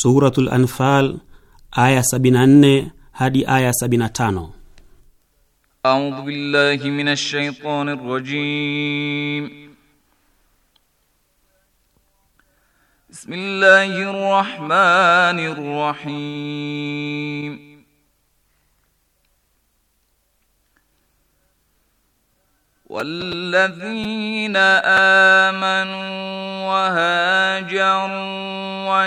Suratul Anfal aya 74 hadi aya 75. A'udhu billahi minash shaitani rrajim. Bismillahir rahmanir rahim. والذين آمنوا وهاجروا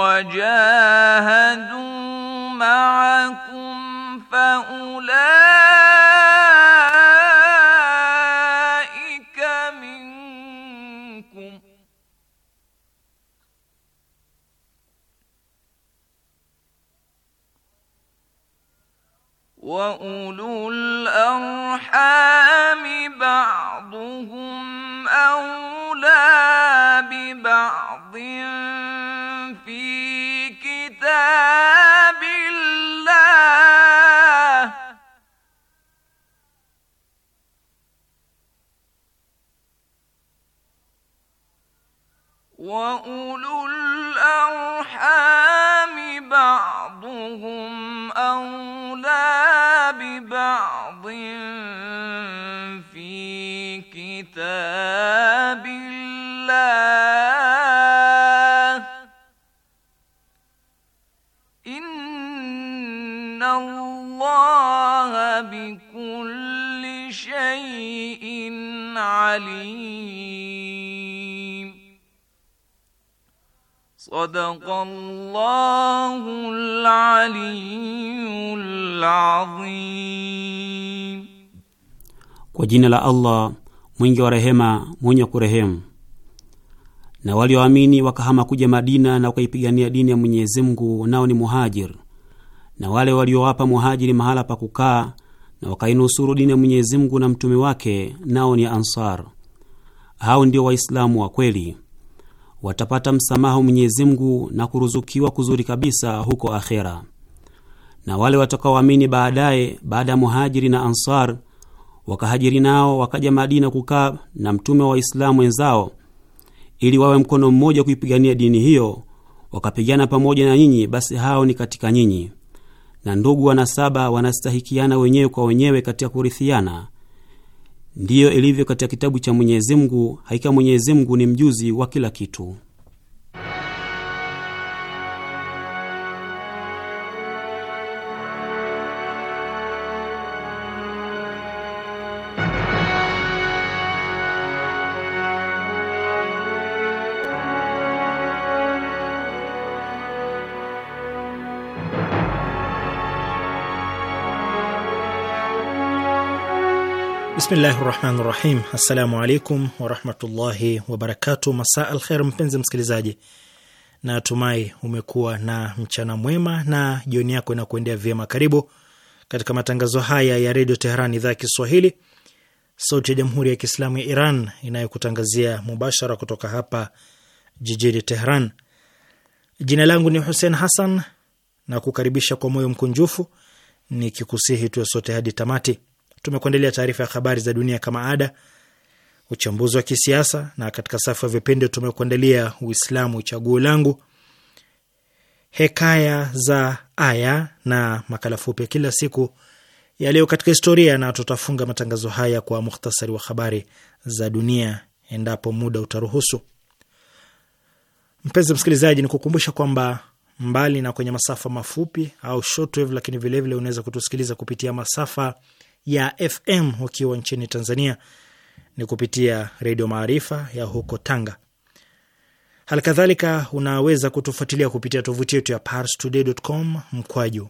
وجاهدوا معكم فأولئك منكم وأولو الأرحام بعضهم أولى ببعض وأولو الأرحام بعضهم أولى ببعض في كتاب الله إن الله بكل شيء عليم Sadaqallahul Aliyyul Azim. Kwa jina la Allah mwingi wa rehema mwenye kurehemu. Na walioamini wa wakahama kuja Madina na wakaipigania dini ya Mwenyezi Mungu, nao ni muhajir, na wale waliowapa muhajiri mahala pa kukaa na wakainusuru dini ya Mwenyezi Mungu na mtume wake, nao ni ansar. Hao ndio Waislamu wa kweli watapata msamaha Mwenyezi Mungu na kuruzukiwa kuzuri kabisa huko akhera. Na wale watakaoamini baadaye, baada ya Muhajiri na Ansar wakahajiri nao wakaja Madina kukaa na mtume wa Waislamu wenzao ili wawe mkono mmoja kuipigania dini hiyo, wakapigana pamoja na nyinyi, basi hao ni katika nyinyi, na ndugu wanasaba wanastahikiana wenyewe kwa wenyewe katika kurithiana Ndiyo ilivyo katika kitabu cha Mwenyezi Mungu, hakika Mwenyezi Mungu ni mjuzi wa kila kitu. Bismillahi rahmani rahim. Assalamu alaikum warahmatullahi wabarakatu. Masa al kher, mpenzi msikilizaji, natumai umekuwa na mchana mwema na jioni yako inakuendea vyema. Karibu katika matangazo haya ya redio Teheran, idhaa ya Kiswahili, sauti ya jamhuri ya Kiislamu ya Iran inayokutangazia mubashara kutoka hapa jijini Teheran. Jina langu ni Hussein Hassan na kukaribisha kwa moyo mkunjufu nikikusihi tuwe sote hadi tamati tumekuandalia taarifa ya habari za dunia kama ada, uchambuzi wa kisiasa, na katika safu ya vipindi tumekuandalia Uislamu chaguo langu, hekaya za aya na makala fupi ya kila siku yaliyo katika historia, na tutafunga matangazo haya kwa muhtasari wa habari za dunia endapo muda utaruhusu. Mpenzi msikilizaji, ni kukumbusha kwamba mbali na kwenye masafa mafupi au shortwave, lakini vilevile unaweza kutusikiliza kupitia masafa ya FM ukiwa nchini Tanzania ni kupitia Redio Maarifa ya huko Tanga. Halikadhalika unaweza kutufuatilia kupitia tovuti yetu ya parstoday.com mkwaju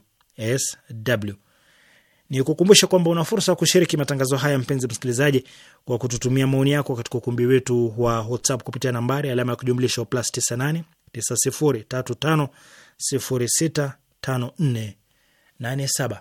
sw. Ni kukumbusha kwamba una fursa ya kushiriki matangazo haya, mpenzi msikilizaji, kwa kututumia maoni yako katika ukumbi wetu wa WhatsApp kupitia nambari alama ya kujumlisha plus 98 9035065487.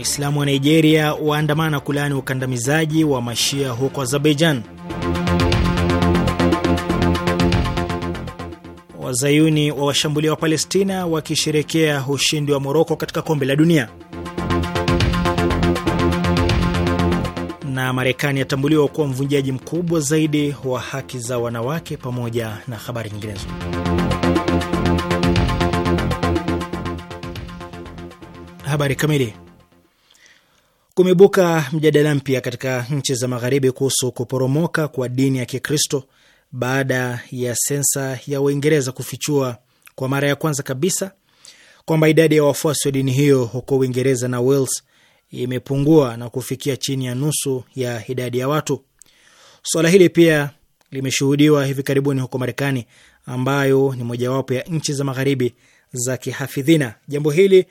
Waislamu wa Nigeria waandamana kulaani ukandamizaji wa mashia huko Azerbaijan. Wazayuni wa washambulia wa Palestina wakisherekea ushindi wa Moroko katika kombe la dunia, na Marekani yatambuliwa kuwa mvunjaji mkubwa zaidi wa haki za wanawake, pamoja na habari nyinginezo. Habari kamili Kumebuka mjadala mpya katika nchi za magharibi kuhusu kuporomoka kwa dini ya Kikristo baada ya sensa ya Uingereza kufichua kwa mara ya kwanza kabisa kwamba idadi ya wafuasi wa dini hiyo huko Uingereza na Wales imepungua na kufikia chini ya nusu ya idadi ya watu. Suala hili pia limeshuhudiwa hivi karibuni huko Marekani, ambayo ni mojawapo ya nchi za magharibi za kihafidhina. Jambo hili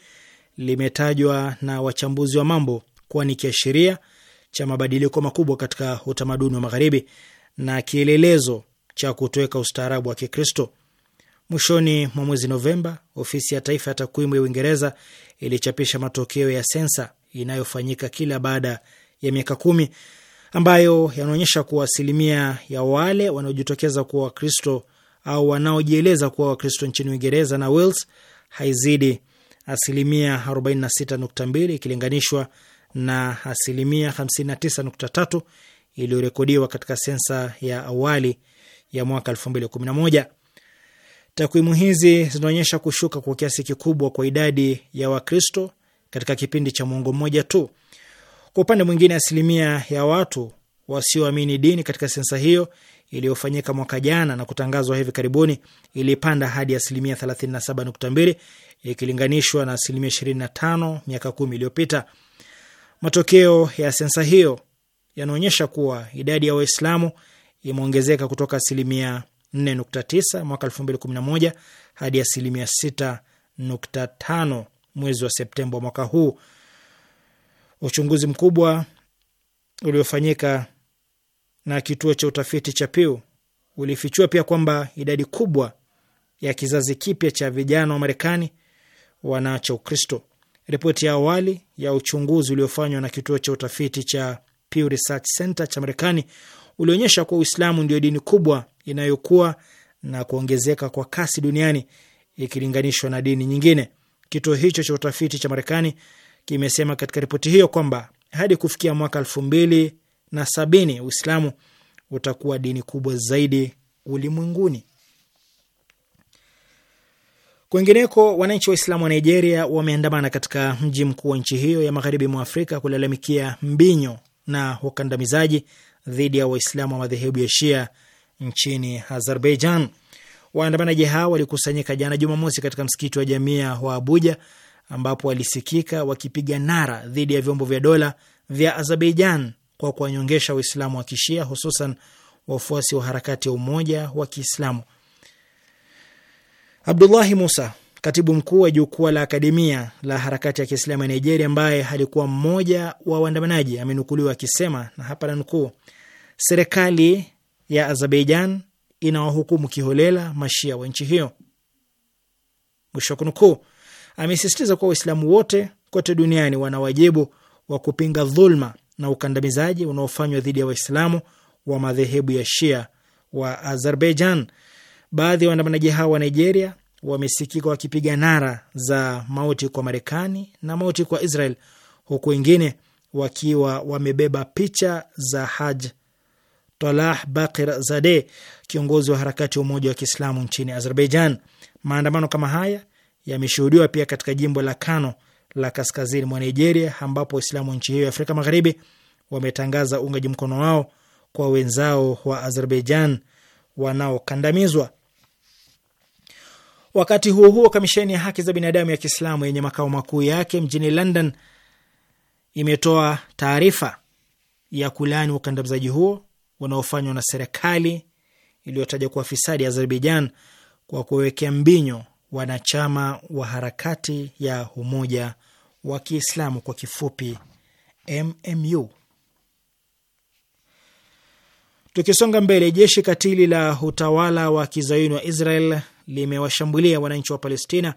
limetajwa na wachambuzi wa mambo kuwa ni kiashiria cha mabadiliko makubwa katika utamaduni wa Magharibi na kielelezo cha kutoweka ustaarabu wa Kikristo. Mwishoni mwa mwezi Novemba, ofisi ya taifa ya takwimu ya Uingereza ilichapisha matokeo ya sensa inayofanyika kila baada ya miaka kumi ambayo yanaonyesha kuwa asilimia ya wale wanaojitokeza kuwa Wakristo au wanaojieleza kuwa Wakristo nchini Uingereza na Wales haizidi asilimia 46.2 ikilinganishwa na asilimia 59.3 iliyorekodiwa katika sensa ya awali ya mwaka 2011. Takwimu hizi zinaonyesha kushuka kwa kiasi kikubwa kwa idadi ya Wakristo katika kipindi cha mwongo mmoja tu. Kwa upande mwingine, asilimia ya watu wasioamini dini katika sensa hiyo iliyofanyika mwaka jana na kutangazwa hivi karibuni ilipanda hadi asilimia 37.2 ikilinganishwa na asilimia 25 miaka kumi iliyopita. Matokeo ya sensa hiyo yanaonyesha kuwa idadi ya Waislamu imeongezeka kutoka asilimia 4.9 mwaka 2011 hadi asilimia 6.5 mwezi wa Septemba mwaka huu. Uchunguzi mkubwa uliofanyika na kituo cha utafiti cha Pew ulifichua pia kwamba idadi kubwa ya kizazi kipya cha vijana wa Marekani wanaacha Ukristo. Ripoti ya awali ya uchunguzi uliofanywa na kituo cha utafiti cha Pew Research Center cha Marekani ulionyesha kuwa Uislamu ndio dini kubwa inayokuwa na kuongezeka kwa kasi duniani ikilinganishwa na dini nyingine. Kituo hicho cha utafiti cha Marekani kimesema katika ripoti hiyo kwamba hadi kufikia mwaka elfu mbili na sabini Uislamu utakuwa dini kubwa zaidi ulimwenguni. Kwengineko, wananchi Waislamu wa Nigeria wameandamana katika mji mkuu wa nchi hiyo ya magharibi mwa Afrika kulalamikia mbinyo na ukandamizaji dhidi ya Waislamu wa madhehebu ya Shia nchini Azerbaijan. Waandamanaji hao walikusanyika jana Jumamosi katika msikiti wa Jamia wa Abuja, ambapo walisikika wakipiga nara dhidi ya vyombo vya dola vya Azerbaijan kwa kuwanyongesha Waislamu wa Kishia, hususan wafuasi wa harakati ya Umoja wa Kiislamu Abdullahi Musa, katibu mkuu wa jukwaa la akademia la harakati ya Kiislamu ya Nigeria, ambaye alikuwa mmoja wa waandamanaji, amenukuliwa akisema, na hapa nanukuu, serikali ya Azerbaijan inawahukumu kiholela mashia wa nchi hiyo, mwisho wa kunukuu. Amesisitiza kuwa Waislamu wote kote duniani wana wajibu wa kupinga dhulma na ukandamizaji unaofanywa dhidi ya Waislamu wa madhehebu ya Shia wa Azerbaijan. Baadhi ya waandamanaji hao wa Nigeria wamesikika wakipiga nara za mauti kwa Marekani na mauti kwa Israel, huku wengine wakiwa wamebeba picha za Haj Talah Bakir Zade, kiongozi wa harakati ya Umoja wa Kiislamu nchini Azerbaijan. Maandamano kama haya yameshuhudiwa pia katika jimbo la Kano la kaskazini mwa Nigeria, ambapo Waislamu wa nchi hiyo ya Afrika Magharibi wametangaza uungaji mkono wao kwa wenzao wa Azerbaijan wanaokandamizwa. Wakati huo huo, kamisheni ya haki za binadamu ya Kiislamu yenye makao makuu yake mjini London imetoa taarifa ya kulaani ukandamizaji huo unaofanywa na serikali iliyotaja kuwa fisadi ya Azerbaijan kwa kuwekea mbinyo wanachama wa harakati ya umoja wa Kiislamu kwa kifupi MMU. Tukisonga mbele, jeshi katili la utawala wa kizayuni wa Israel limewashambulia wananchi wa Palestina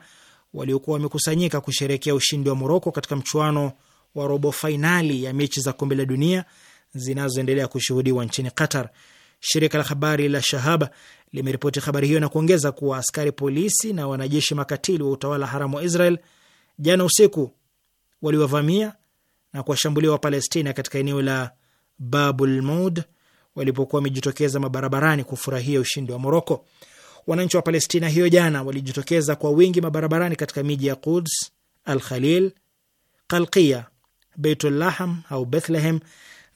waliokuwa wamekusanyika kusherekea ushindi wa Moroko katika mchuano wa robo fainali ya mechi za kombe la dunia zinazoendelea kushuhudiwa nchini Qatar. Shirika la habari la Shahaba limeripoti habari hiyo na kuongeza kuwa askari polisi na wanajeshi makatili wa utawala haramu wa Israel jana usiku waliwavamia na kuwashambulia Wapalestina katika eneo la Babul Mud walipokuwa wamejitokeza mabarabarani kufurahia ushindi wa Moroko. Wananchi wa Palestina hiyo jana walijitokeza kwa wingi mabarabarani katika miji ya Quds, Al Khalil, Kalkia, Beitullaham au Bethlehem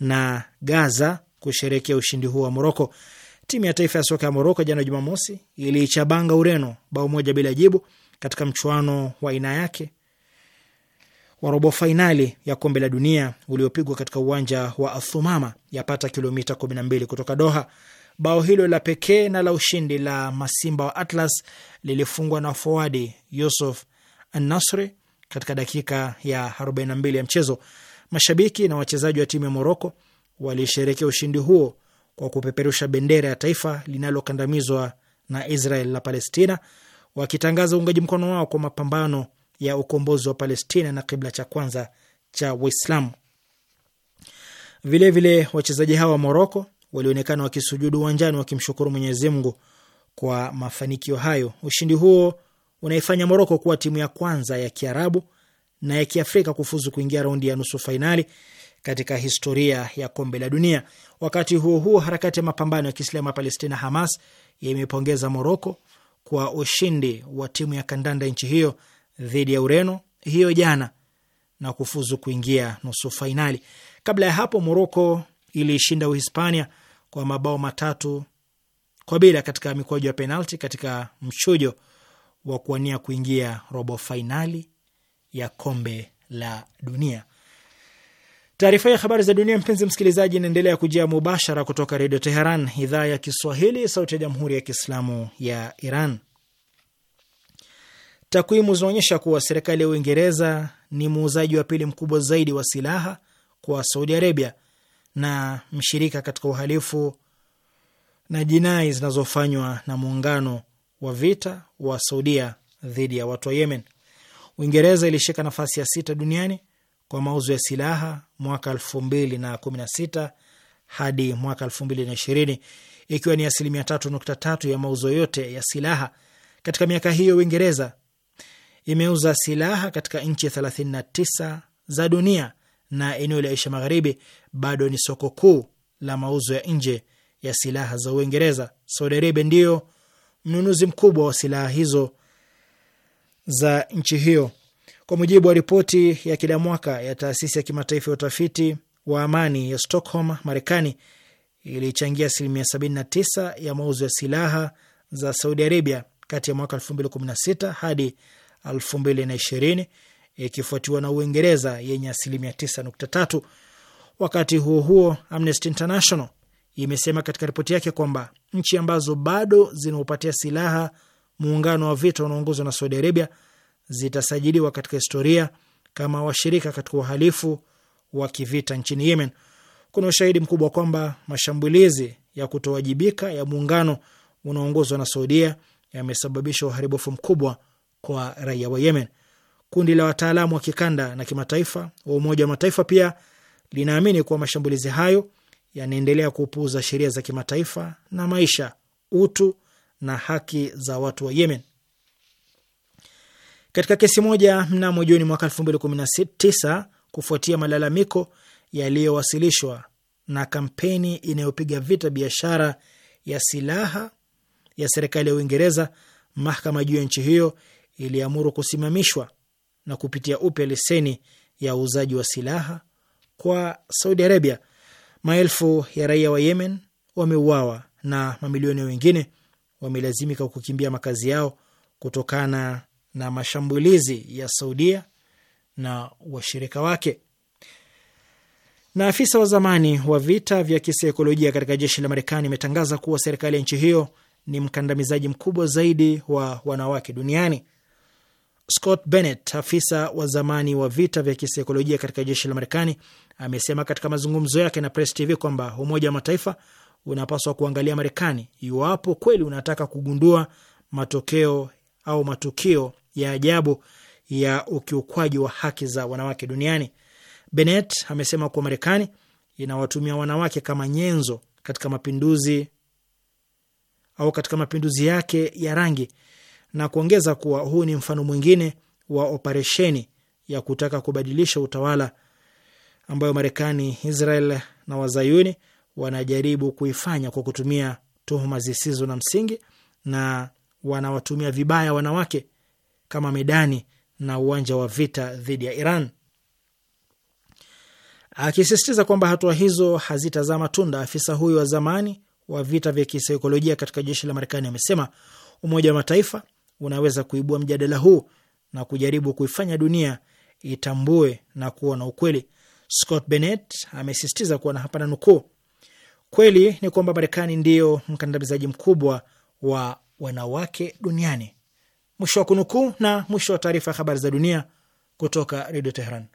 na Gaza kusherekea ushindi huo wa Moroko. Timu ya taifa ya soka ya Moroko jana Jumamosi iliichabanga Ureno bao moja bila jibu katika mchuano wa aina yake wa robo fainali ya kombe la dunia uliopigwa katika uwanja wa Athumama yapata kilomita 12 kutoka Doha. Bao hilo la pekee na la ushindi la Masimba wa Atlas lilifungwa na forwadi Yusuf anasri katika dakika ya 42 ya mchezo. Mashabiki na wachezaji wa timu ya Moroko walisherekea ushindi huo kwa kupeperusha bendera ya taifa linalokandamizwa na Israel la Palestina, wakitangaza uungaji mkono wao kwa mapambano ya ukombozi wa Palestina na kibla cha kwanza cha Waislamu. Vilevile, wachezaji hawa wa Moroko walionekana wakisujudu uwanjani wakimshukuru Mwenyezi Mungu kwa mafanikio hayo. Ushindi huo unaifanya Moroko kuwa timu ya kwanza ya Kiarabu na ya Kiafrika kufuzu kuingia raundi ya nusu fainali katika historia ya kombe la dunia. Wakati huo huo, harakati ya mapambano ya Kiislamu ya Palestina, Hamas, imepongeza Moroko kwa ushindi wa timu ya kandanda nchi hiyo dhidi ya Ureno hiyo jana na kufuzu kuingia nusu fainali. Kabla ya hapo, Moroko ilishinda Uhispania kwa mabao matatu kwa bila katika mikwaju ya penalti katika mchujo wa kuwania kuingia robo fainali ya kombe la dunia. Taarifa ya habari za dunia, mpenzi msikilizaji, inaendelea kujia mubashara kutoka Redio Teheran, idhaa ya Kiswahili, sauti ya jamhuri ya kiislamu ya Iran. Takwimu zinaonyesha kuwa serikali ya Uingereza ni muuzaji wa pili mkubwa zaidi wa silaha kwa Saudi Arabia na mshirika katika uhalifu na jinai zinazofanywa na muungano wa vita wa Saudia dhidi ya watu wa Yemen. Uingereza ilishika nafasi ya sita duniani kwa mauzo ya silaha mwaka elfu mbili na kumi na sita hadi mwaka elfu mbili na ishirini ikiwa ni asilimia tatu nukta tatu ya mauzo yote ya silaha. Katika miaka hiyo Uingereza imeuza silaha katika nchi tisa za dunia na eneo la Asia Magharibi bado ni soko kuu la mauzo ya nje ya silaha za Uingereza. Saudi Arabia ndiyo mnunuzi mkubwa wa silaha hizo za nchi hiyo. Kwa mujibu wa ripoti ya kila mwaka ya taasisi ya kimataifa ya utafiti wa amani ya Stockholm, Marekani ilichangia asilimia 79 ya mauzo ya silaha za Saudi Arabia kati ya mwaka 2016 hadi 2020 ikifuatiwa na Uingereza yenye asilimia 9.3. Wakati huo huo, Amnesty International imesema katika ripoti yake kwamba nchi ambazo bado zinaupatia silaha muungano wa vita unaoongozwa na Saudi Arabia zitasajiliwa katika historia kama washirika katika uhalifu wa kivita nchini Yemen. Kuna ushahidi mkubwa kwamba mashambulizi ya kutowajibika ya muungano unaoongozwa na Saudia yamesababisha uharibifu mkubwa kwa raia wa Yemen. Kundi la wataalamu wa kikanda na kimataifa wa Umoja wa Mataifa pia linaamini kuwa mashambulizi hayo yanaendelea kupuuza sheria za kimataifa na maisha, utu na haki za watu wa Yemen. Katika kesi moja mnamo Juni mwaka 2019 kufuatia malalamiko yaliyowasilishwa na kampeni inayopiga vita biashara ya silaha ya serikali ya Uingereza, mahakama juu ya nchi hiyo iliamuru kusimamishwa na kupitia upya leseni ya uuzaji wa silaha kwa Saudi Arabia. Maelfu ya raia wa Yemen wameuawa na mamilioni wengine wamelazimika kukimbia makazi yao kutokana na mashambulizi ya Saudia na washirika wake. Na afisa wa zamani wa vita vya kisaikolojia katika jeshi la Marekani imetangaza kuwa serikali ya nchi hiyo ni mkandamizaji mkubwa zaidi wa wanawake duniani. Scott Bennett, afisa wa zamani wa vita vya kisaikolojia katika jeshi la Marekani, amesema katika mazungumzo yake na Press TV kwamba Umoja wa Mataifa unapaswa kuangalia Marekani iwapo kweli unataka kugundua matokeo au matukio ya ajabu ya ukiukwaji wa haki za wanawake duniani. Benet amesema kuwa Marekani inawatumia wanawake kama nyenzo katika mapinduzi au katika mapinduzi yake ya rangi na kuongeza kuwa huu ni mfano mwingine wa operesheni ya kutaka kubadilisha utawala ambayo Marekani, Israel na wazayuni wanajaribu kuifanya kwa kutumia tuhuma zisizo na msingi, na wanawatumia vibaya wanawake kama medani na uwanja wa vita dhidi ya Iran, akisisitiza kwamba hatua hizo hazitazaa matunda. Afisa huyo wa zamani wa vita vya kisaikolojia katika jeshi la Marekani amesema Umoja wa Mataifa unaweza kuibua mjadala huu na kujaribu kuifanya dunia itambue na kuona ukweli. Scott Bennett amesisitiza kuwa na hapana nukuu, kweli ni kwamba Marekani ndiyo mkandamizaji mkubwa wa wanawake duniani, mwisho wa kunukuu. Na mwisho wa taarifa ya habari za dunia kutoka Redio Teheran.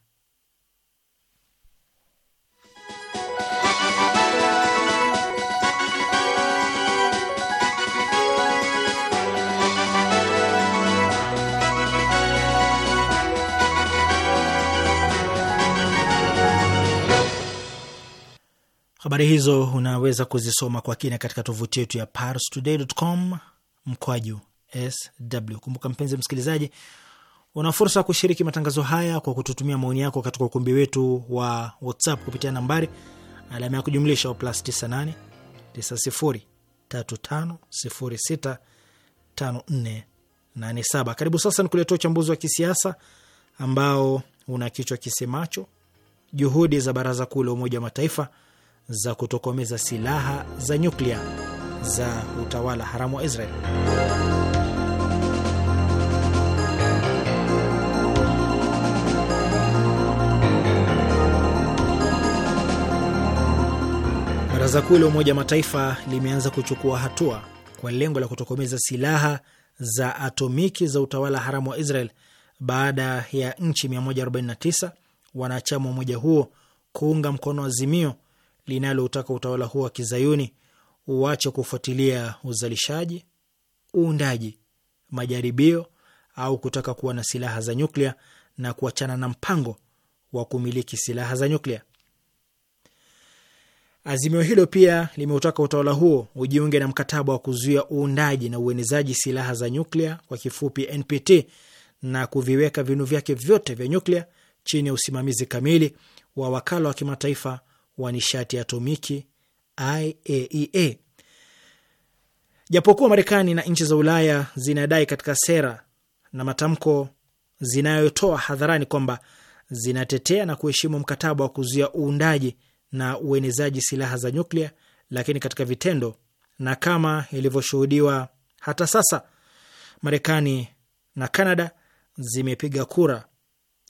Habari hizo unaweza kuzisoma kwa kina katika tovuti yetu ya parstoday.com mkwaju sw. Kumbuka mpenzi msikilizaji, una fursa ya kushiriki matangazo haya kwa kututumia maoni yako katika ukumbi wetu wa WhatsApp kupitia nambari alama ya kujumlisha o plus 98 Karibu sasa ni kuletea uchambuzi wa kisiasa ambao una kichwa kisemacho juhudi za baraza kuu la Umoja wa Mataifa za kutokomeza silaha za nyuklia za utawala haramu wa Israel. Baraza Kuu la Umoja Mataifa limeanza kuchukua hatua kwa lengo la kutokomeza silaha za atomiki za utawala haramu wa Israel baada ya nchi 149 wanachama wa umoja huo kuunga mkono azimio linalotaka utawala huo wa kizayuni uache kufuatilia uzalishaji, uundaji, majaribio au kutaka kuwa na silaha za nyuklia na kuachana na mpango wa kumiliki silaha za nyuklia. Azimio hilo pia limeutaka utawala huo ujiunge na mkataba wa kuzuia uundaji na uenezaji silaha za nyuklia kwa kifupi NPT, na kuviweka vinu vyake vyote vya nyuklia chini ya usimamizi kamili wa wakala wa kimataifa wa nishati atomiki IAEA. E Japokuwa Marekani na nchi za Ulaya zinadai katika sera na matamko zinayotoa hadharani kwamba zinatetea na kuheshimu mkataba wa kuzuia uundaji na uenezaji silaha za nyuklia, lakini katika vitendo na kama ilivyoshuhudiwa hata sasa, Marekani na Kanada zimepiga kura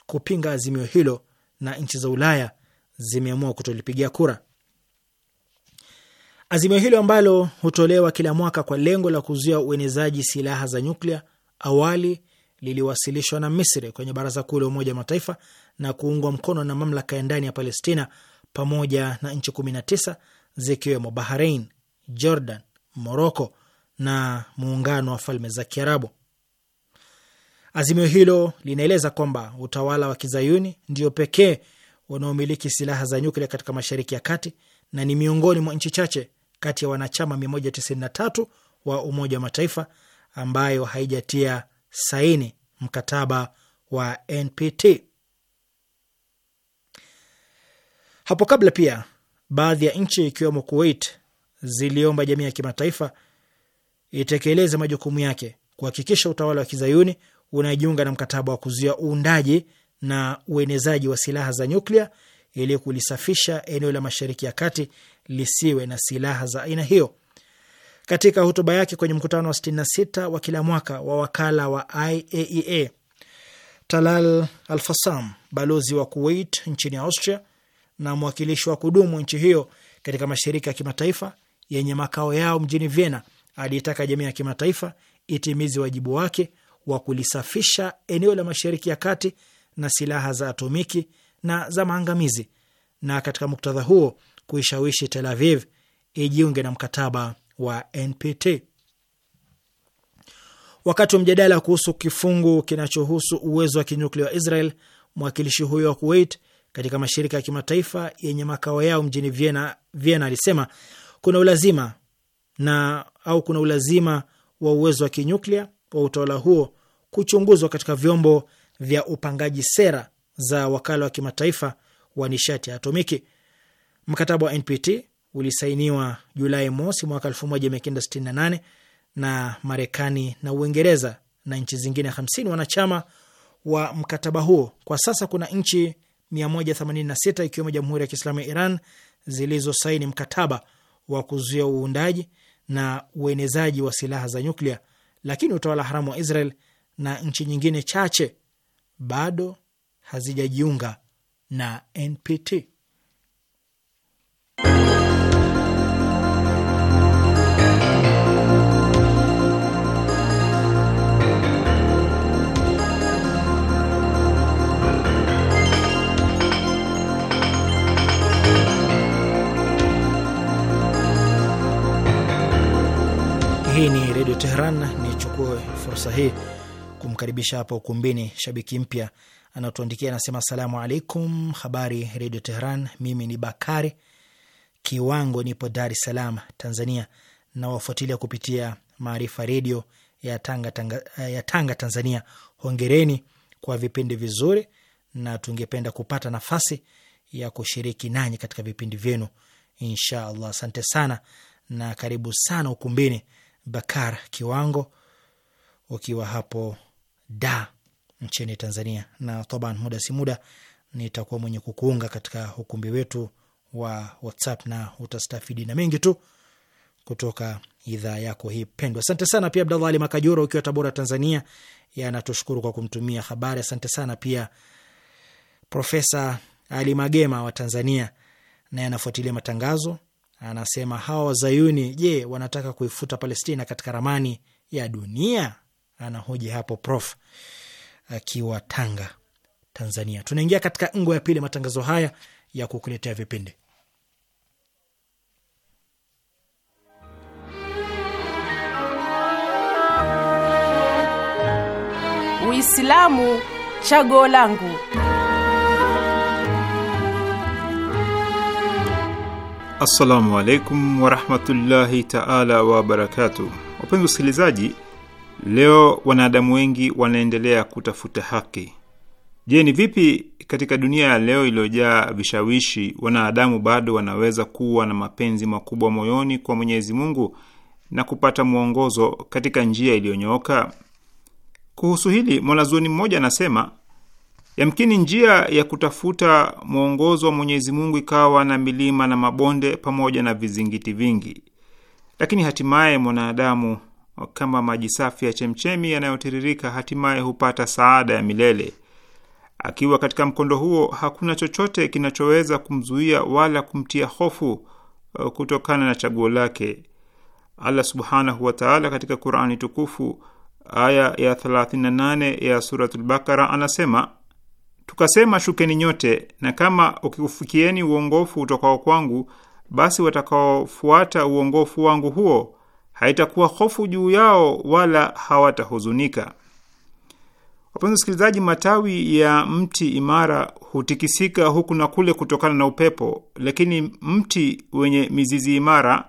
kupinga azimio hilo na nchi za Ulaya zimeamua kutolipigia kura. Azimio hilo ambalo hutolewa kila mwaka kwa lengo la kuzuia uenezaji silaha za nyuklia, awali liliwasilishwa na Misri kwenye Baraza Kuu la Umoja wa Mataifa na kuungwa mkono na mamlaka ya ndani ya Palestina pamoja na nchi kumi na tisa zikiwemo Bahrain, Jordan, Moroko na Muungano wa Falme za Kiarabu. Azimio hilo linaeleza kwamba utawala wa kizayuni ndio pekee wanaomiliki silaha za nyuklia katika Mashariki ya Kati na ni miongoni mwa nchi chache kati ya wanachama 193 wa Umoja wa Mataifa ambayo haijatia saini mkataba wa NPT. Hapo kabla pia baadhi ya nchi ikiwemo Kuwait ziliomba jamii ya kimataifa itekeleze majukumu yake kuhakikisha utawala wa kizayuni unajiunga na mkataba wa kuzuia uundaji na uenezaji wa silaha za nyuklia ili kulisafisha eneo la Mashariki ya Kati lisiwe na silaha za aina hiyo. Katika hotuba yake kwenye mkutano wa 66 wa kila mwaka wa wakala wa IAEA, e Talal Alfasam, balozi wa Kuwait nchini Austria na mwakilishi wa kudumu nchi hiyo katika mashirika ya kimataifa yenye makao yao mjini Vienna, aliitaka jamii ya kimataifa itimize wajibu wake wa kulisafisha eneo la Mashariki ya Kati na silaha za atomiki na za maangamizi, na katika muktadha huo kuishawishi Tel Aviv ijiunge na mkataba wa NPT. Wakati wa mjadala kuhusu kifungu kinachohusu uwezo wa kinyuklia wa Israel, mwakilishi huyo wa Kuwait katika mashirika ya kimataifa yenye makao yao mjini Vienna, Vienna alisema kuna ulazima na au kuna ulazima wa uwezo wa kinyuklia wa utawala huo kuchunguzwa katika vyombo vya upangaji sera za wakala wa kimataifa wa nishati ya atomiki. Mkataba wa NPT ulisainiwa Julai mosi mwaka 1968 na Marekani na Uingereza na nchi zingine 50 wanachama wa mkataba huo. Kwa sasa kuna nchi 186 ikiwemo Jamhuri ya Kiislamu ya Iran zilizosaini mkataba wa kuzuia uundaji na uenezaji wa silaha za nyuklia, lakini utawala haramu wa Israel na nchi nyingine chache bado hazijajiunga na NPT. Hii ni Redio Teheran. Nichukue fursa hii kumkaribisha hapa ukumbini. Shabiki mpya anatuandikia anasema, asalamu alaikum, habari Redio Tehran. Mimi ni Bakari Kiwango, nipo Dar es Salaam, Tanzania. Nawafuatilia kupitia Maarifa Redio ya Tanga, Tanga, ya Tanga, Tanzania. Hongereni kwa vipindi vizuri, na tungependa kupata nafasi ya kushiriki nanyi katika vipindi vyenu insha Allah. Asante sana na karibu sana ukumbini, Bakar Kiwango, ukiwa hapo da nchini Tanzania, na taban muda si muda nitakuwa mwenye kukuunga katika ukumbi wetu wa WhatsApp na utastafidi na mengi tu kutoka idhaa yako hii pendwa. Asante sana pia Abdallah Ali Makajura ukiwa Tabora, Tanzania, yanatushukuru kwa kumtumia habari. Asante sana pia Profesa Ali Magema wa Tanzania, naye anafuatilia matangazo, anasema hawa wazayuni, je, wanataka kuifuta Palestina katika ramani ya dunia? anahoji hapo Prof akiwa Tanga, Tanzania. Tunaingia katika ngo ya pili matangazo haya ya kukuletea vipindi Uislamu chago langu. Assalamu alaikum warahmatullahi taala wabarakatuh, wapenzi wasikilizaji Leo wanadamu wengi wanaendelea kutafuta haki. Je, ni vipi katika dunia ya leo iliyojaa vishawishi, wanadamu bado wanaweza kuwa na mapenzi makubwa moyoni kwa Mwenyezi Mungu na kupata mwongozo katika njia iliyonyooka? Kuhusu hili mwanazuoni mmoja anasema, yamkini njia ya kutafuta mwongozo wa Mwenyezi Mungu ikawa na milima na mabonde pamoja na vizingiti vingi, lakini hatimaye mwanadamu kama maji safi ya chemchemi yanayotiririka hatimaye hupata saada ya milele. Akiwa katika mkondo huo, hakuna chochote kinachoweza kumzuia wala kumtia hofu uh, kutokana na chaguo lake. Allah subhanahu wataala katika Qurani tukufu aya ya 38 ya Suratul Bakara anasema Tukasema, shukeni nyote, na kama ukiufikieni uongofu utokao kwangu, basi watakaofuata uongofu wangu huo haitakuwa hofu juu yao wala hawatahuzunika. Wapenzi wasikilizaji, matawi ya mti imara hutikisika huku na kule kutokana na upepo, lakini mti wenye mizizi imara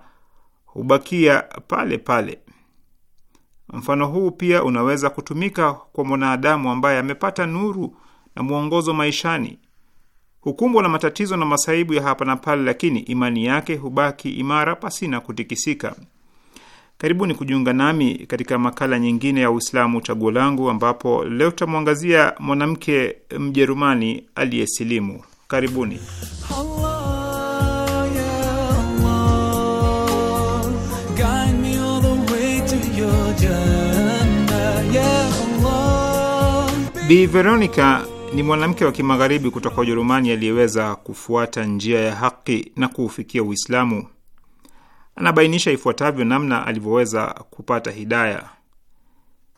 hubakia pale pale. Mfano huu pia unaweza kutumika kwa mwanadamu ambaye amepata nuru na mwongozo maishani. Hukumbwa na matatizo na masaibu ya hapa na pale, lakini imani yake hubaki imara pasina kutikisika. Karibuni kujiunga nami katika makala nyingine ya Uislamu Chaguo Langu, ambapo leo tutamwangazia mwanamke Mjerumani aliyesilimu. Karibuni. Bi Veronica ni mwanamke wa kimagharibi kutoka Ujerumani aliyeweza kufuata njia ya haki na kuufikia Uislamu. Anabainisha ifuatavyo namna alivyoweza kupata hidaya: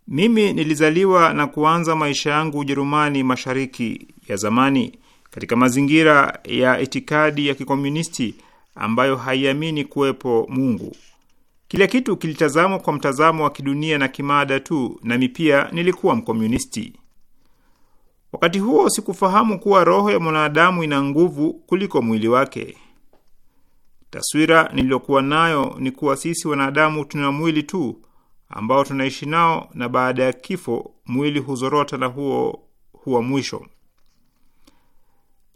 mimi nilizaliwa na kuanza maisha yangu Ujerumani mashariki ya zamani katika mazingira ya itikadi ya kikomunisti ambayo haiamini kuwepo Mungu. Kila kitu kilitazamwa kwa mtazamo wa kidunia na kimaada tu, nami pia nilikuwa mkomunisti. Wakati huo sikufahamu kuwa roho ya mwanadamu ina nguvu kuliko mwili wake. Taswira niliyokuwa nayo ni kuwa sisi wanadamu tuna mwili tu ambao tunaishi nao, na baada ya kifo mwili huzorota na huo huwa mwisho.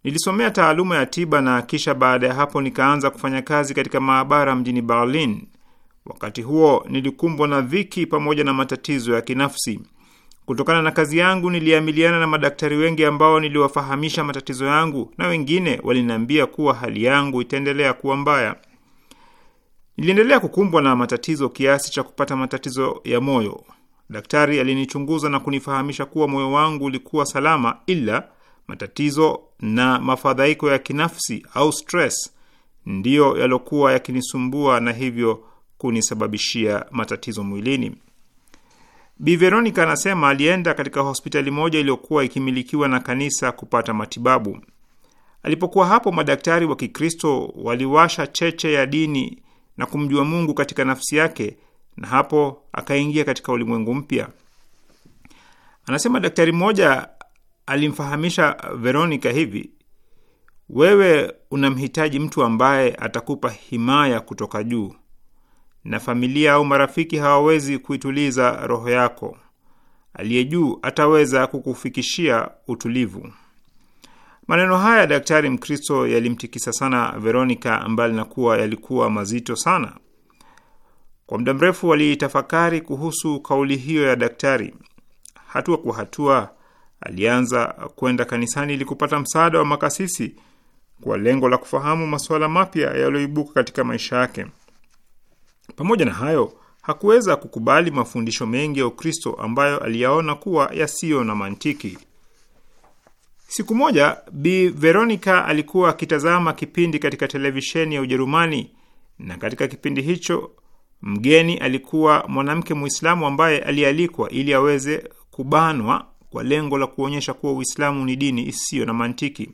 Nilisomea taaluma ya tiba na kisha baada ya hapo nikaanza kufanya kazi katika maabara mjini Berlin. Wakati huo nilikumbwa na dhiki pamoja na matatizo ya kinafsi. Kutokana na kazi yangu niliamiliana na madaktari wengi ambao niliwafahamisha matatizo yangu na wengine waliniambia kuwa hali yangu itaendelea kuwa mbaya. Niliendelea kukumbwa na matatizo kiasi cha kupata matatizo ya moyo. Daktari alinichunguza na kunifahamisha kuwa moyo wangu ulikuwa salama, ila matatizo na mafadhaiko ya kinafsi au stress ndiyo yaliokuwa yakinisumbua na hivyo kunisababishia matatizo mwilini. Bi Veronica anasema alienda katika hospitali moja iliyokuwa ikimilikiwa na kanisa kupata matibabu. Alipokuwa hapo, madaktari wa Kikristo waliwasha cheche ya dini na kumjua Mungu katika nafsi yake, na hapo akaingia katika ulimwengu mpya. Anasema daktari mmoja alimfahamisha Veronica hivi: wewe unamhitaji mtu ambaye atakupa himaya kutoka juu na familia au marafiki hawawezi kuituliza roho yako. Aliye juu ataweza kukufikishia utulivu. Maneno haya daktari Mkristo yalimtikisa sana Veronika, mbali na kuwa yalikuwa mazito sana. Kwa muda mrefu waliitafakari kuhusu kauli hiyo ya daktari. Hatua kwa hatua, alianza kwenda kanisani ili kupata msaada wa makasisi kwa lengo la kufahamu masuala mapya yaliyoibuka katika maisha yake. Pamoja na hayo, hakuweza kukubali mafundisho mengi ya Ukristo ambayo aliyaona kuwa yasiyo na mantiki. Siku moja Bi Veronica alikuwa akitazama kipindi katika televisheni ya Ujerumani, na katika kipindi hicho mgeni alikuwa mwanamke Muislamu ambaye alialikwa ili aweze kubanwa kwa lengo la kuonyesha kuwa Uislamu ni dini isiyo na mantiki.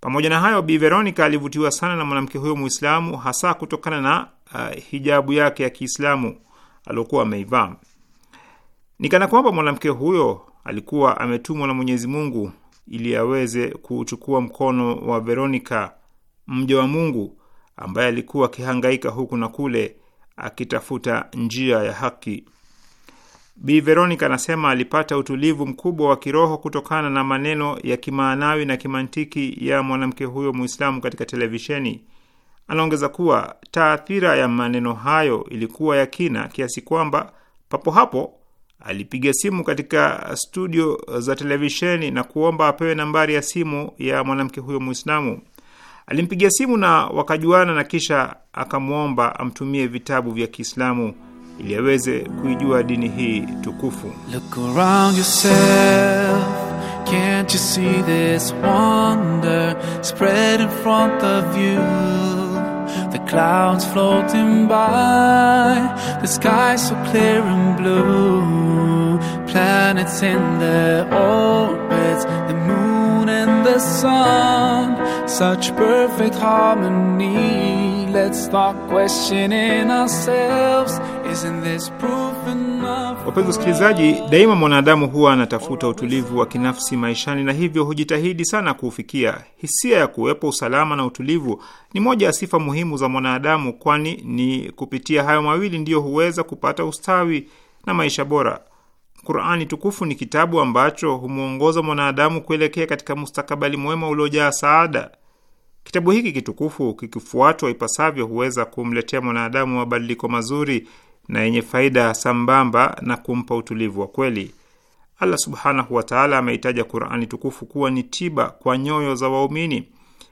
Pamoja na hayo, Bi Veronica alivutiwa sana na mwanamke huyo Muislamu, hasa kutokana na uh, hijabu yake ya Kiislamu aliokuwa ameivaa. Ni kana kwamba mwanamke huyo alikuwa ametumwa na Mwenyezi Mungu ili aweze kuchukua mkono wa veronica mja wa Mungu ambaye alikuwa akihangaika huku na kule akitafuta njia ya haki. Bi Veronica anasema alipata utulivu mkubwa wa kiroho kutokana na maneno ya kimaanawi na kimantiki ya mwanamke huyo Muislamu katika televisheni. Anaongeza kuwa taathira ya maneno hayo ilikuwa ya kina kiasi kwamba papo hapo alipiga simu katika studio za televisheni na kuomba apewe nambari ya simu ya mwanamke huyo Muislamu. Alimpigia simu na wakajuana, na kisha akamwomba amtumie vitabu vya Kiislamu ili aweze kuijua dini hii tukufu. Look around yourself, can't you see this wonder spread in front of you? clouds floating by. The sky so clear and blue. Planets in their orbits, the moon and the sun. Such perfect harmony. let's start questioning ourselves. Isn't this proof enough? Wapenzi wasikilizaji, daima mwanadamu huwa anatafuta utulivu wa kinafsi maishani na hivyo hujitahidi sana kuufikia. Hisia ya kuwepo usalama na utulivu ni moja ya sifa muhimu za mwanadamu, kwani ni kupitia hayo mawili ndiyo huweza kupata ustawi na maisha bora. Qurani tukufu ni kitabu ambacho humwongoza mwanadamu kuelekea katika mustakabali mwema uliojaa saada. Kitabu hiki kitukufu kikifuatwa ipasavyo huweza kumletea mwanadamu mabadiliko mazuri na yenye faida sambamba na kumpa utulivu wa kweli. Allah subhanahu wataala ameitaja Qurani tukufu kuwa ni tiba kwa nyoyo za waumini.